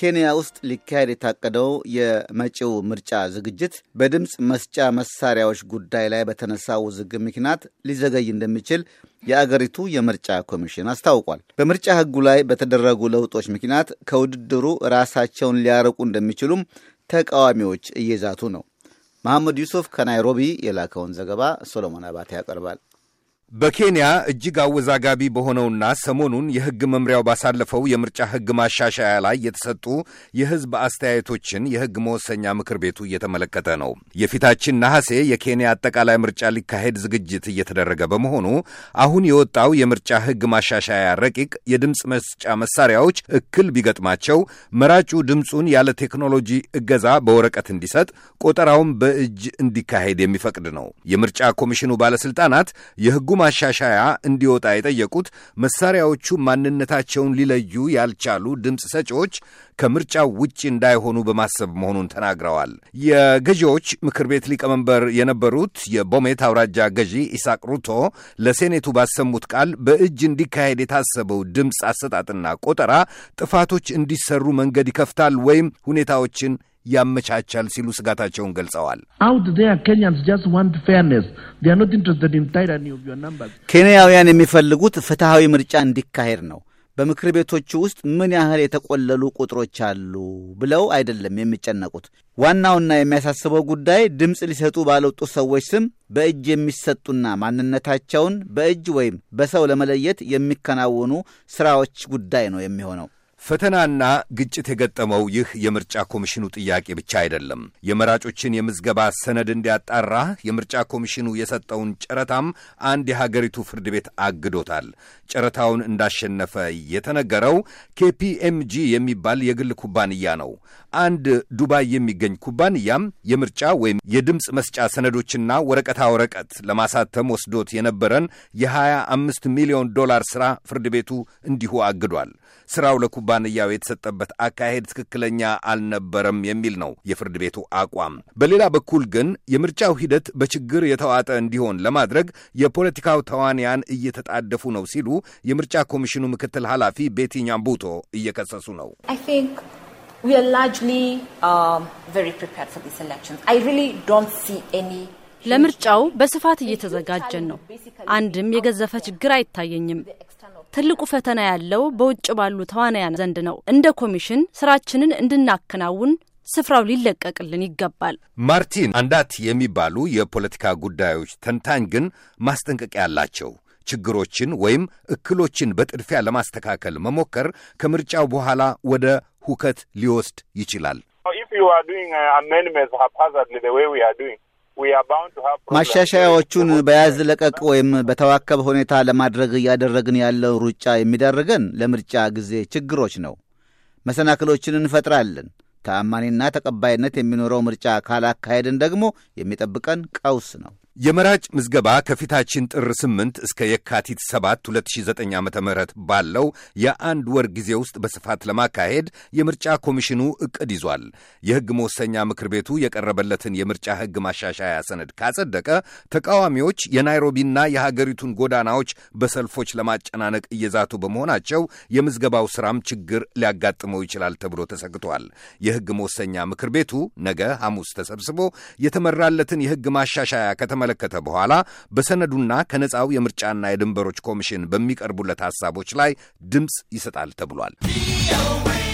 ኬንያ ውስጥ ሊካሄድ የታቀደው የመጪው ምርጫ ዝግጅት በድምፅ መስጫ መሳሪያዎች ጉዳይ ላይ በተነሳ ውዝግብ ምክንያት ሊዘገይ እንደሚችል የአገሪቱ የምርጫ ኮሚሽን አስታውቋል። በምርጫ ሕጉ ላይ በተደረጉ ለውጦች ምክንያት ከውድድሩ ራሳቸውን ሊያርቁ እንደሚችሉም ተቃዋሚዎች እየዛቱ ነው። መሐመድ ዩሱፍ ከናይሮቢ የላከውን ዘገባ ሶሎሞን አባቴ ያቀርባል። በኬንያ እጅግ አወዛጋቢ በሆነውና ሰሞኑን የሕግ መምሪያው ባሳለፈው የምርጫ ሕግ ማሻሻያ ላይ የተሰጡ የሕዝብ አስተያየቶችን የሕግ መወሰኛ ምክር ቤቱ እየተመለከተ ነው። የፊታችን ነሐሴ የኬንያ አጠቃላይ ምርጫ ሊካሄድ ዝግጅት እየተደረገ በመሆኑ አሁን የወጣው የምርጫ ሕግ ማሻሻያ ረቂቅ የድምፅ መስጫ መሳሪያዎች እክል ቢገጥማቸው መራጩ ድምፁን ያለ ቴክኖሎጂ እገዛ በወረቀት እንዲሰጥ፣ ቆጠራውም በእጅ እንዲካሄድ የሚፈቅድ ነው። የምርጫ ኮሚሽኑ ባለሥልጣናት የሕጉ ማሻሻያ እንዲወጣ የጠየቁት መሳሪያዎቹ ማንነታቸውን ሊለዩ ያልቻሉ ድምፅ ሰጪዎች ከምርጫው ውጭ እንዳይሆኑ በማሰብ መሆኑን ተናግረዋል። የገዢዎች ምክር ቤት ሊቀመንበር የነበሩት የቦሜት አውራጃ ገዢ ኢሳቅ ሩቶ ለሴኔቱ ባሰሙት ቃል በእጅ እንዲካሄድ የታሰበው ድምፅ አሰጣጥና ቆጠራ ጥፋቶች እንዲሰሩ መንገድ ይከፍታል ወይም ሁኔታዎችን ያመቻቻል ሲሉ ስጋታቸውን ገልጸዋል። ኬንያውያን የሚፈልጉት ፍትሐዊ ምርጫ እንዲካሄድ ነው። በምክር ቤቶቹ ውስጥ ምን ያህል የተቆለሉ ቁጥሮች አሉ ብለው አይደለም የሚጨነቁት። ዋናውና የሚያሳስበው ጉዳይ ድምፅ ሊሰጡ ባልወጡ ሰዎች ስም በእጅ የሚሰጡና ማንነታቸውን በእጅ ወይም በሰው ለመለየት የሚከናወኑ ስራዎች ጉዳይ ነው የሚሆነው። ፈተናና ግጭት የገጠመው ይህ የምርጫ ኮሚሽኑ ጥያቄ ብቻ አይደለም። የመራጮችን የምዝገባ ሰነድ እንዲያጣራ የምርጫ ኮሚሽኑ የሰጠውን ጨረታም አንድ የሀገሪቱ ፍርድ ቤት አግዶታል። ጨረታውን እንዳሸነፈ የተነገረው ኬፒኤምጂ የሚባል የግል ኩባንያ ነው። አንድ ዱባይ የሚገኝ ኩባንያም የምርጫ ወይም የድምፅ መስጫ ሰነዶችና ወረቀታ ወረቀት ለማሳተም ወስዶት የነበረን የ25 ሚሊዮን ዶላር ሥራ ፍርድ ቤቱ እንዲሁ አግዷል። ሥራው ለኩባንያው የተሰጠበት አካሄድ ትክክለኛ አልነበረም የሚል ነው የፍርድ ቤቱ አቋም። በሌላ በኩል ግን የምርጫው ሂደት በችግር የተዋጠ እንዲሆን ለማድረግ የፖለቲካው ተዋንያን እየተጣደፉ ነው ሲሉ የምርጫ ኮሚሽኑ ምክትል ኃላፊ ቤቲ ኛምቡቶ እየከሰሱ ነው። um, ለምርጫው በስፋት እየተዘጋጀን ነው። አንድም የገዘፈ ችግር አይታየኝም። ትልቁ ፈተና ያለው በውጭ ባሉ ተዋናያን ዘንድ ነው። እንደ ኮሚሽን ስራችንን እንድናከናውን ስፍራው ሊለቀቅልን ይገባል። ማርቲን አንዳት የሚባሉ የፖለቲካ ጉዳዮች ተንታኝ ግን ማስጠንቀቂያ አላቸው። ችግሮችን ወይም እክሎችን በጥድፊያ ለማስተካከል መሞከር ከምርጫው በኋላ ወደ ሁከት ሊወስድ ይችላል። ማሻሻያዎቹን በያዝ ለቀቅ ወይም በተዋከበ ሁኔታ ለማድረግ እያደረግን ያለው ሩጫ የሚዳርገን ለምርጫ ጊዜ ችግሮች ነው። መሰናክሎችን እንፈጥራለን። ተአማኒና ተቀባይነት የሚኖረው ምርጫ ካላካሄድን ደግሞ የሚጠብቀን ቀውስ ነው። የመራጭ ምዝገባ ከፊታችን ጥር 8 እስከ የካቲት 7 2009 ዓ ም ባለው የአንድ ወር ጊዜ ውስጥ በስፋት ለማካሄድ የምርጫ ኮሚሽኑ እቅድ ይዟል። የሕግ መወሰኛ ምክር ቤቱ የቀረበለትን የምርጫ ሕግ ማሻሻያ ሰነድ ካጸደቀ ተቃዋሚዎች የናይሮቢና የሀገሪቱን ጎዳናዎች በሰልፎች ለማጨናነቅ እየዛቱ በመሆናቸው የምዝገባው ሥራም ችግር ሊያጋጥመው ይችላል ተብሎ ተሰግቷል። የሕግ መወሰኛ ምክር ቤቱ ነገ ሐሙስ ተሰብስቦ የተመራለትን የሕግ ማሻሻያ ከተመ ከተመለከተ በኋላ በሰነዱና ከነጻው የምርጫና የድንበሮች ኮሚሽን በሚቀርቡለት ሐሳቦች ላይ ድምፅ ይሰጣል ተብሏል።